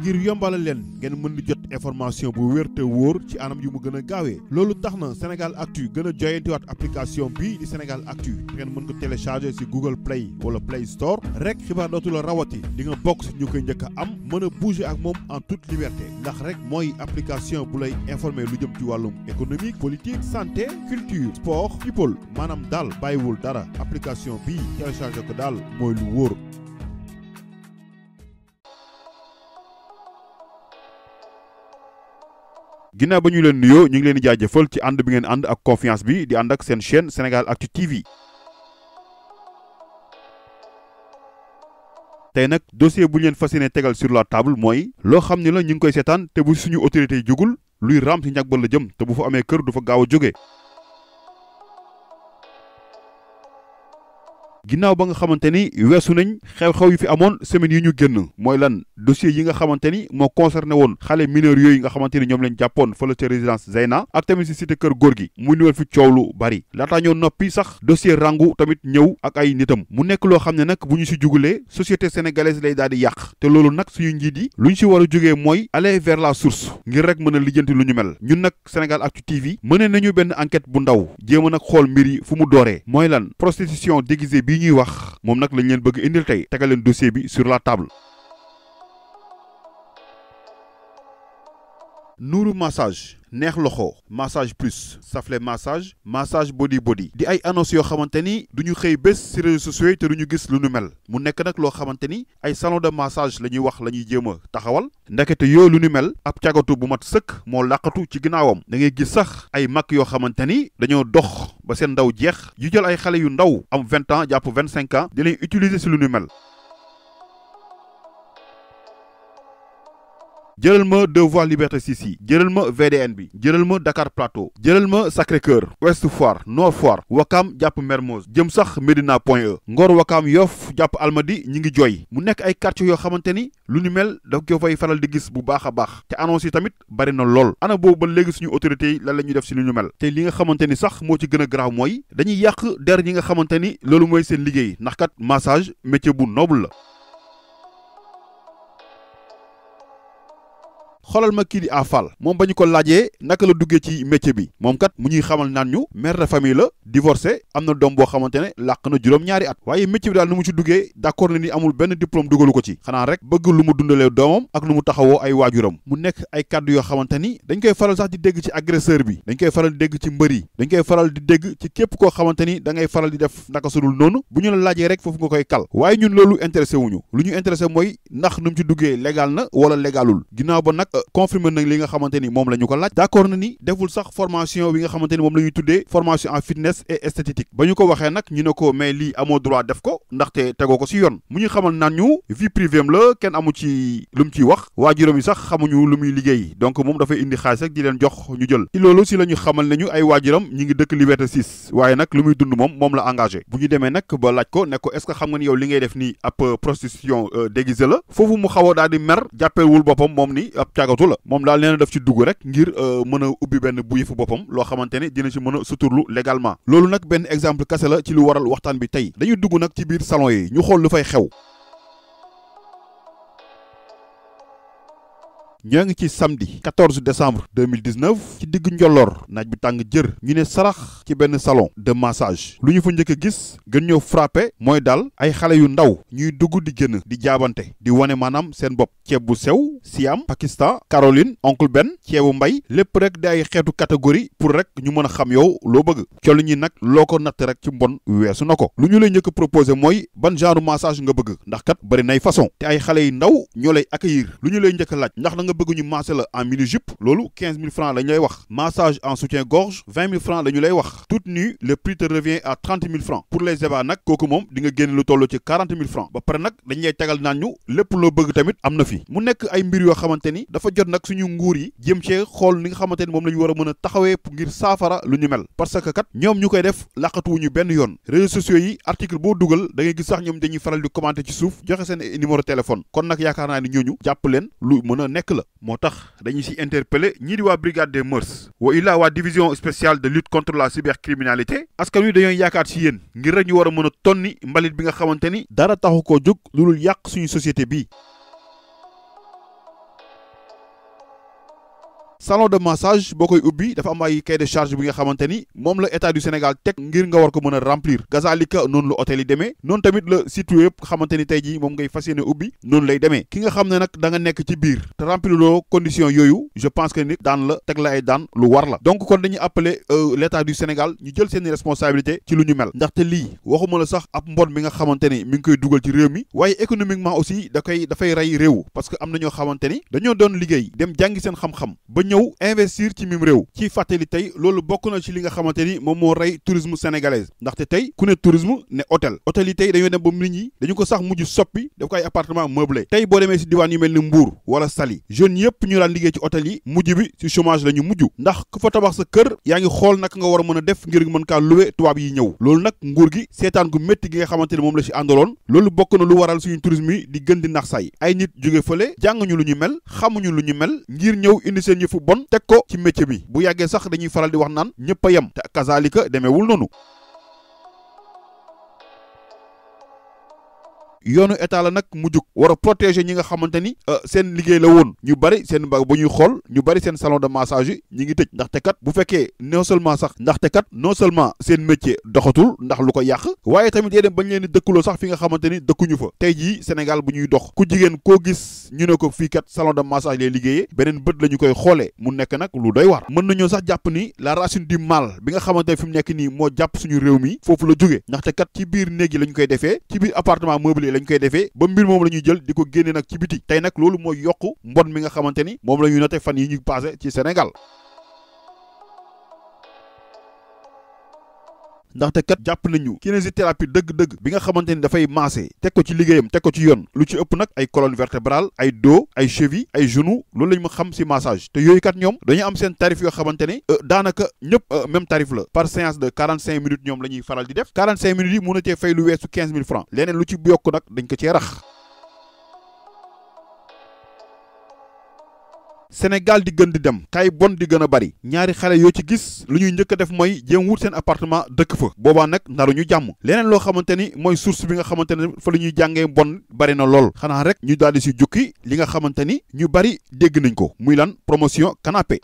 ngir yombalal leen ngeen mën di jot information bu wér te wóor ci anam yu mu gën a gaawee loolu tax na Sénégal Actu gën a joyantiwaat application bii di Sénégal Actu ngeen mën ko télécharger si Google Play wala Play Store rek xibaar dootu rawati di nga bokk si ñu koy njëkk a am mën a bouger ak moom en toute liberté ndax rek mooy application bu lay informer lu jëm ci wàllum économique politique santé culture sport people maanaam daal bàyyiwul dara application bii télécharger ginnaaw ba ñu leen nuyoo ñu ngi leen di jaajëfal ci ànd bi ngeen ànd ak confiance bi di ànd ak seen chaîne Sénégal Actu TV. tey nag dossier bu ñu leen fas yéene tegal sur la table mooy loo xam ni la ñu ngi koy seetaan te bu suñu autorité yi jógul luy raam si ñàkk la jëm te bu fa amee kër du fa gaaw a jóge ginnaaw ba nga xamante ni weesu nañ xew-xew yi fi amoon semaines yi ñu génn mooy lan dossier yi nga xamante ni moo concerné woon xale mineurs yooyu nga xamante ni ñoom lañ jàppoon fële ca résidence Zeyna ak tamit si cité kër góor gi mu niwel fi coow lu bari laataa ñoo noppi sax dossier rangu tamit ñëw ak ay nitam mu nekk loo xam ne nag bu ñu si jugulee société sénégalaise lay daal di yàq te loolu nag suñu njiit yi lu ñu si war a jógee mooy aller vers la source ngir rek mën a lijjanti lu ñu mel ñun nag Sénégal Actu TV mënee nañu benn enquête bu ndaw jéem nag xool mbir yi fu mu dooree mooy lan prostitution déguisée bii ñuy wax moom nag lañ leen bëgg indil tey tegal leen dossier bi sur la table. Nourou Massage neex loxo massage plus safle massage massage body body di ay annonce yoo xamante ni du ñu xëy bés ci réseaux sociaux yi te du ñu gis lu nu mel mu nekk nag loo xamante ni ay salon de massage la ñuy wax la ñuy jéem a taxawal ndekete yoo lu nu mel ab cagatu bu mat sëkk moo làqatu ci ginnaawam da ngay gis sax ay mag yoo xamante ni dañoo dox ba seen ndaw jeex yu jël ay xale yu ndaw am vingt ans jàpp vingt cinq ans di leen utiliser ci lu nu mel jëlal ma Devoir Liberté 6 yi jëlal ma VDN bi jëlal ma Dakar Plateau jëlal ma Sacré-Cœur Ouest Foire Nord Foire Wakam jàpp Mermoz jëm sax Médina Point E Ngor Wakam Yoff jàpp Almadi ñi ngi jooy mu nekk ay quartiers yoo xamante ni lu ñu mel daf ko fay faral di gis bu baax a baax te annonce yi tamit bari na lool ana boobu ba léegi suñu autorité yi lan la ñuy def si lu ñu mel te li nga xamante ni sax moo ci gën a garaaw mooy dañuy yàq der ñi nga xamante ni loolu mooy seen liggéey ndax kat massage métier bu noble la xoolal ma kii di a Fall moom ba ñu ko laajee naka la duggee ci métier bi moom kat mu ñuy xamal naan ñu mère de famille la divorcé am na doom boo xamante ne làq na juróom-ñaari at waaye métier bi daal nu mu ci duggee d'accord na ni amul benn diplôme dugalu ko ci xanaa rek bëgg lu mu dundalee doomam ak nu mu taxawoo ay waajuram mu nekk ay kàddu yoo xamante ni dañ koy faral sax di dégg ci agresseur bi dañ koy faral dégg ci mbër yi dañ koy faral di dégg ci képp koo xamante ni da ngay faral di def naka sudul noonu bu ñu la laajee foofu nga koy kal waaye ñun loolu intéressé wuñu lu ñu intéressé mooy ndax nu mu ci duggee légal na wala légalul ginnaaw ba nag confirmer nañ li nga xamante ni moom la ñu ko laaj d'accord na ni deful sax formation bi nga xamante ni moom la ñuy tuddee formation en fitness et esthétique ba ñu ko waxee nag ñu ne ko mais lii amoo droit def ko ndaxte tegoo ko ci yoon mu ñu xamal naan ñu vie privée la kenn amu ci lu mu ciy wax waajuram yi sax xamuñu lu muy liggéey donc moom dafay indi xaalis rek di leen jox ñu jël loolu ci la ñu xamal nañu ay waajuram ñi ngi dëkk Liberté 6 waaye nag moom moom la engagé bu ñu demee nag ba laaj ko ne ko est-ce que xam nga euh, la foofu mu xaw a daal di mer jàppewul boppam moom sagatu la moom daal nee na daf ci dugg rek ngir euh, mën a ubbi benn bu yëfu boppam loo xamante ne dina ci mën a suturlu légalement loolu nag benn exemple kase la ci lu waral waxtaan bi tey dañuy dugg nag ci biir salon yi ñu xool lu fay xew ñoo ngi ci samedi 14 décembre 2019 ci diggu njolloor naaj bi tàng jër ñu ne sarax ci benn salon de massage lu ñu fa njëkk gis gën ñoo frappé mooy daal ay xale yu ndaw ñuy dugg di génn di jaabante di wane maanaam seen bopp ceeb bu sew Siam Pakistan Caroline oncle Ben ceebu mbay lépp rek di ay xeetu catégorie pour rek ñu mën a xam yow loo bëgg col ñi nag loo ko natt rek ci mbon weesu na ko lu ñu lay njëkk proposé mooy ban genre massage nga bëgg ndax kat nay façon te xale yu ndaw ñoo lay accueillir lu ñu lay njëkk laaj ndax nga bëgg ñu masser la en ba pare nag dañ lay tegal naan ñu lépp loo bëgg tamit am na fi mu nekk ay mbir yoo xamante dafa jot nag suñu nguur yi jëm cee xool ni nga xamante ni moom la ñu war a mën a taxawee ngir saafara lu ñu mel parce que kat ñoom ñu koy def laqatuwuñu benn yoon réseaux sociaux yi article boo dugal da ngay gis sax ñoom dañuy faral di commenter ci suuf joxe seen numéro téléphone kon nag yaakaar naa ni ñooñu jàpp leen lu mën nekk la moo tax dañu ci interpellé ñii di waa brigade de mœurs wa illaa waa division spéciale de lutte contre la cybercriminalité askan wi dañoo yaakaar ci yéen ngir rek ñu war a mën a tonni mbalit bi nga xamante ni dara taxu koo jóg lu dul yàq suñu société bii salon de massage boo koy ubbi dafa am ay cahier de charge bi nga xamante ni moom la état du Sénégal teg ngir nga war ko mën a remplir gazalika noonu la hôtel yi demee noonu tamit la site yëpp xamante ni tey jii moom ngay fas yéene ubbi noonu lay demee ki nga xam ne nag danga nekk ci biir te remplirloo condition yooyu je pense que nit daan la teg la ay daan lu war la donc kon dañuy appeler euh, l' du Sénégal ñu jël seen responsabilité ci lu ñu mel ndaxte lii waxuma la sax ab mbon mi nga xamante ni mi ngi koy dugal ci réew mi waaye économiquement aussi da koy dafay rey réew parce que am na xamante ni dañoo doon liggéey dem jàngi seen xam ñëw investir ci mim réew ci fàttali tey loolu bokk na ci li nga xamante ni moom moo rey tourisme sénégalaise ndaxte tey ku ne tourisme ne hôtel hôtel yi tey dañoo dem ba nit ñi dañu ko sax mujj soppi daf ko ay appartement meublé tey boo demee si diwaan yi mel ni Mbour wala sali jeune yëpp ñu daan liggéey ci hôtel yi mujj bi ci chômage la ñu mujj ndax ku fa tabax sa kër yaa ngi xool naka nga war mën a def ngir mën kaa luwe tubaab yi ñëw loolu nag nguur gi seetaan gu métti gi nga xamante ni moom la si àndaloon loolu bokk na lu waral suñu tourisme yi di gën di nax ay nit jóge fële jànguñu lu ñu mel xamuñu lu ñu mel ngir ñëw indi bon teg ko ci métier bi bu yàggee sax dañuy faral di wax naan ñëpp a yem te kazaalika demeewul noonu yoonu état la nag mu jug wara a protéger ñi nga xamante ni euh, seen liggéey la woon ñu bari seen mbag bu ñuy xool ñu bari seen salon de massage yi ñi ngi tëj ndaxte kat bu fekkee non seulement sax ndaxte kat non seulement seen métier doxatul ndax lu ko yàq waaye tamit yéen bañ leen di dëkkuloo sax fi nga xamante ni dëkkuñu fa tey ji Sénégal bu ñuy dox ku jigéen koo gis ñu ne ko fii kat salon de massage lay liggéeyee beneen bët la ñu koy xoole mu nekk nag lu doy mën nañoo sax jàpp ni la racine du bi nga xamante fi mu nekk nii moo jàpp suñu réew mi foofu la jóge kat ci biir néeg la ñu koy defee ci biir appartement meublé yi lañ koy defee ba mbir moom la ñuy jël di ko génne nag ci biti tey nag loolu mooy yokk mbon mi nga xamante ni moom la ñuy noté fan yi ñu passé ci Sénégal ndaxte kat jàpp nañu kinésithérapie dëgg-dëgg bi nga xamante ni dafay maase teg ko ci liggéeyam teg ko ci yoon lu ci ëpp nag ay colonne vertébrale ay dos ay cheville ay genou loolu lañ ma xam si massage te yooyu kat ñoom dañu am seen tarif yoo xamante ne euh, daanaka ñëpp euh, même tarif la par séance de 45 minutes ñoom la ñuy faral di def 45 minutes yi mën na cee fay lu weesu 15000 francs leneen lu ci yokk nag dañ ko cee rax Sénégal di gën di dem kay bon di gën a bari ñaari xale yoo ci gis lu ñuy njëkk a def mooy jéem wut seen apartement dëkk fa boobaa nag ndaru ñu jàmm leneen loo xamante ni mooy source bi nga xamante ne fa lu ñuy jàngee bon bari na lool xanaa rek ñu daal di si jukki li nga xamante ni ñu bari dégg nañ ko muy lan promotion kanape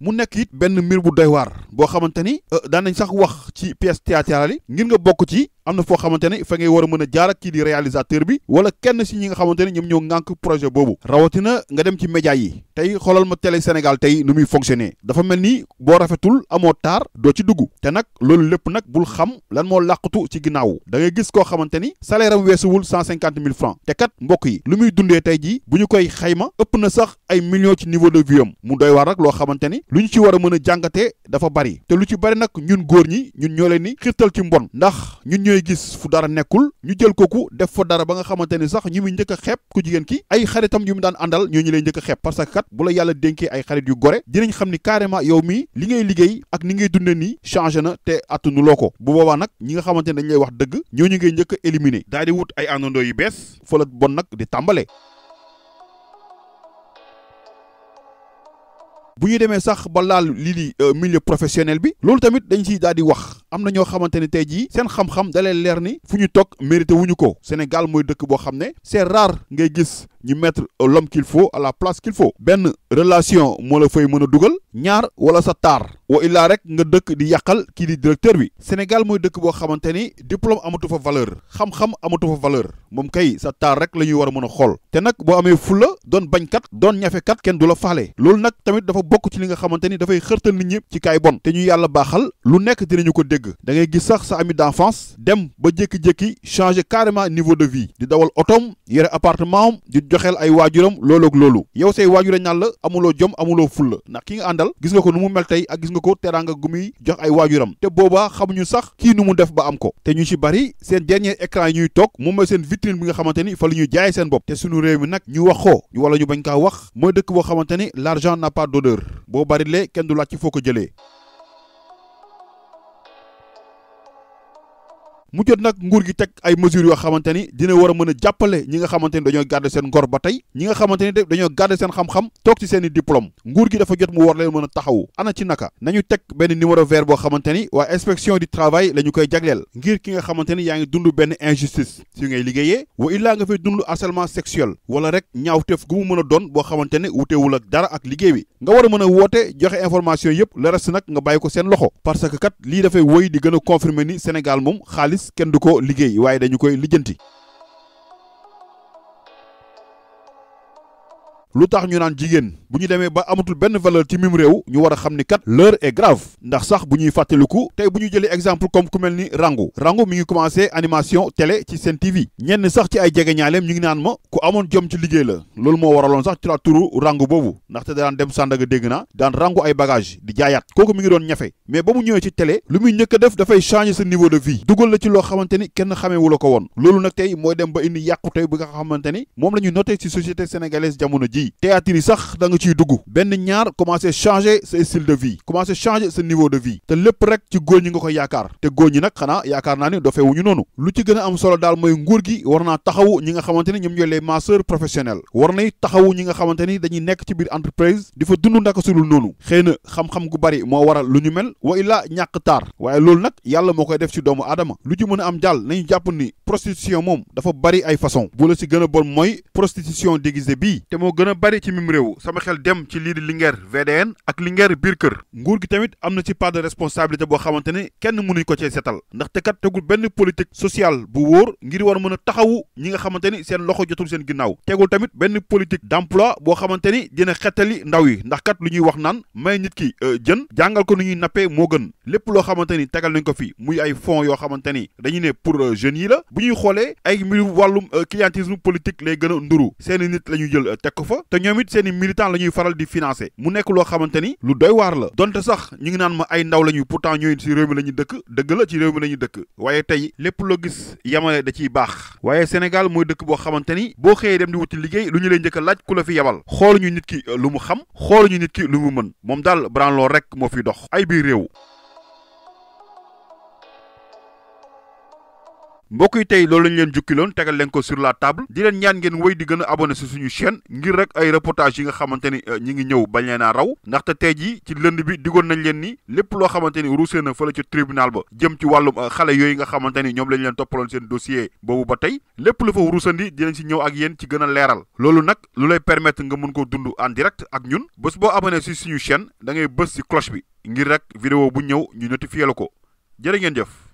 mu nekk it benn miir bu doy boo xamante ni euh, daan nañ sax wax ci pièce théâtrale yi ngir nga bokk ci am na foo xamante ne fa ngay war a mën a jaar ak kii di réalisateur bi wala kenn si ñi nga xamante ne ñoom ñoo ŋànk projet boobu rawatina nga dem ci média yi tey xoolal ma tele Sénégal tey nu muy fonctionner dafa mel ni boo rafetul amoo taar doo ci dugg te nag loolu lépp nag bul xam lan moo làqatu ci ginnaaw da ngay gis koo xamante ni salaire weesuwul cent cinquante mille francs te kat mbokk yi lu muy dundee tey jii bu ñu xayma ëpp na sax ay millions ci niveau de vie am mu doy waar nag loo xamante ni lu ñu ci war a mën a jàngatee dafa bari te lu ci bari nag ñun góor ñi ñun ñoo leen ni xirtal ci mbon ndax ñun ñooy gis fu dara nekkul ñu jël ko kooku def fo dara ba nga xamante ni sax ñi muy njëkk a ku jigéen ki ay xaritam yu mu daan àndal ñoo ñu lay njëkk a parce que kat bu la yàlla dénkee ay xarit yu gore dinañ xam ni carrément yow mi li ngay liggéey ak ni ngay dunde nii changé na te attunu loo ko bu boobaa nag ñi nga xamante ne dañ lay wax dëgg ñooñu ngay njëkk a daal di wut ay àndandoo yu bon nag di tàmbale bu ñu demee sax ba laal lii di euh, milieu professionnel bi loolu tamit dañu ciy daal di wax am na ñoo xamante ne tey jii seen xam-xam dalee leer ni fu ñu toog mérité wuñu ko Sénégal mooy dëkk boo xam ne c'est rare ngay gis ñu mettre l'homme qu'il à la place qu'il benn relation moo la fay mën a dugal ñaar wala sa taar wa illaa rek nga dëkk di yàqal kii di directeur bi Sénégal mooy dëkk boo xamante ni diplôme amatu fa valeur xam-xam amatu fa valeur moom kay sa taar rek la ñuy war mën a xool te nag boo amee fulla doon bañkat doon ñafekat kenn du la faale loolu nag tamit dafa bokk ci li nga xamante ni dafay xërtal nit ñi ci kaay bon te ñu yàlla baaxal lu nekk dinañu dégg da ngay gis sax sa ami d'enfance dem ba jékki-jékki changer carrément niveau de vie di dawal otom yore appartement am di joxeel ay waajuram loolu ak loolu yow say waajura ñaan la amuloo jom amuloo fulla ndax ki nga àndal gis nga ko nu mu mel tey ak gis nga ko teraanga gu muy jox ay waajuram te boobaa xamuñu sax kii nu mu def ba am ko te ñu ci bari seen dernier écran yi ñuy toog moom mooy seen vitrine bi nga xamante ni fa la ñuy jaay seen bopp te suñu réew mi nag ñu wax ko wala ñu bañ kaa dëkk boo xamante ni l'argent n'a pas d'odeur boo bari lee kenn du laaj ci foo ko jëlee mu jot nag nguur gi teg ay mesures yoo xamante ni dina war a mën a jàppale ñi nga xamante ni dañoo garder seen ngor ba tey ñi nga xamante ni dañoo garder seen xam-xam toog ci seen i diplôme nguur gi dafa jot mu war leen mën a taxawu ana ci naka nañu teg benn numéro ver boo xamante ni waa inspection du travail la ñu koy jagleel ngir ki nga xamante ni yaa ngi dund benn injustice si ngay liggéeyee wa illaa nga fay dund harcèlement sexuel wala rek ñaawteef gu mu mën a doon boo xamante ne wutewul ak ak liggéey nga war mën a woote joxe information yëpp le reste nga bàyyi ko seen loxo parce que kat lii dafay wëy di gën a confirmer ni Sénégal moom xaalis kenn du ko liggéey waaye dañu koy lijjanti lu tax ñu naan jigéen bu ñu demee ba amatul benn valeur ci mim réew ñu war a xam ni kat l'heure est grave ndax sax bu ñuy fàttaliku tey bu ñu jëlee exemple comme ku mel ni rangu Rangou mi ngi commencé animation télé ci Sen TV ñenn sax ci ay jege jegeñaaleem ñu ngi naan ma ku amoon jom ci liggéey la loolu moo waraloon sax ci la turu Rangou boobu ndaxte daan dem Sandaga dégg naa daan Rangou ay bagage di jaayaat kooku mi ngi doon ñafe mais ba mu ñëwee ci télé lu muy njëkk def dafay changer sa niveau de vie ci loo xamante ni kenn xameewu ko woon loolu nag tey mooy ba indi yàqu tey bi ni moom la ñu noté ci société sénégalaise jamono ji lii théâtre yi sax da nga ciy dugg benn ñaar commencé changer sa style de vie commencé changer sa niveau de vie te lépp rek ci góor ñi nga ko yaakaar te góor ñi nag xanaa yaakaar naa ni dofeewuñu noonu lu ci gën a am solo daal mooy nguur gi war naa taxawu ñi nga xamante ni ñoom ñooy les masseurs war nay taxawu ñi nga xamante ni dañuy nekk ci biir entreprise di fa dund ndaka sulul noonu xëy na xam-xam gu bari moo waral lu ñu mel wa illaa ñàkk taar waaye loolu nag yàlla moo koy def ci doomu aadama lu ci mën a am daal nañu jàpp ni prostitution moom dafa bari ay façon bu la si gën a mooy prostitution déguisée bii te gën a bari ci mim réew sama xel dem ci lii di Linguère VDN ak Linguère biir kër nguur gi tamit am na ci part de responsabilité boo xamante ne kenn mënuñ ko cee setal ndaxte kat tegul benn politique social bu wóor ngir war mën a taxawu ñi nga xamante ni seen loxo jotul seen ginnaaw tegul tamit benn politique d'emploi boo xamante ni dina xetali ndaw yi ndax kat lu ñuy wax naan may nit ki euh, jën jàngal ko nu ñuy nappee moo gën lépp loo xamante ni tegal nañ ko fi muy ay fonds yoo xamante ni dañu ne pour euh, jeunes yi la bu ñuy xoolee ay mbiru wàllum euh, clientélisme politique lay gën a nduru seeni fa te ñoom it seeni i militant la ñuy faral di financer mu nekk loo xamante ni lu doy waar la donte sax ñu ngi naan ma ay ndaw la ñuy pourtant ñooy ci réew mi la ñu dëkk dëgg la ci réew mi la ñu dëkk waaye tey lépp loo gis yamale da ciy baax waaye Sénégal mooy dëkk boo xamante ni boo xëyee dem di wuti liggéey lu ñu leen njëkk laaj ku la fi yabal xooluñu nit ki lu mu xam xooluñu nit ki lu mu mën moom daal branloo rek moo fiy dox ay biir réew mbokk yi tey loolu lañ leen jukkiloon tegal leen ko sur la table di leen ñaan ngeen wéy di gën a abonné si suñu chaîne ngir rek ay reportage yi nga xamante ni euh, ñi ngi ñëw bañ leen a raw ndaxte tey jii ci lënd bi digoon nañ leen ni lépp loo xamante ni ruusee na fële ci tribunal ba jëm ci wàllum euh, xale yooyu nga xamante ni ñoom lañ leen toppaloon seen dossier boobu ba tey lépp lu fa ruusandi dinañ si ñëw ak yéen ci gën a leeral loolu nag lu lay permettre nga mën ko dund en ak ñun bés boo abonné si suñu chaîne da ngay bés si cloche bi ngir rek vidéo bu ñëw ñu notifié la ko jërë ngeen jëf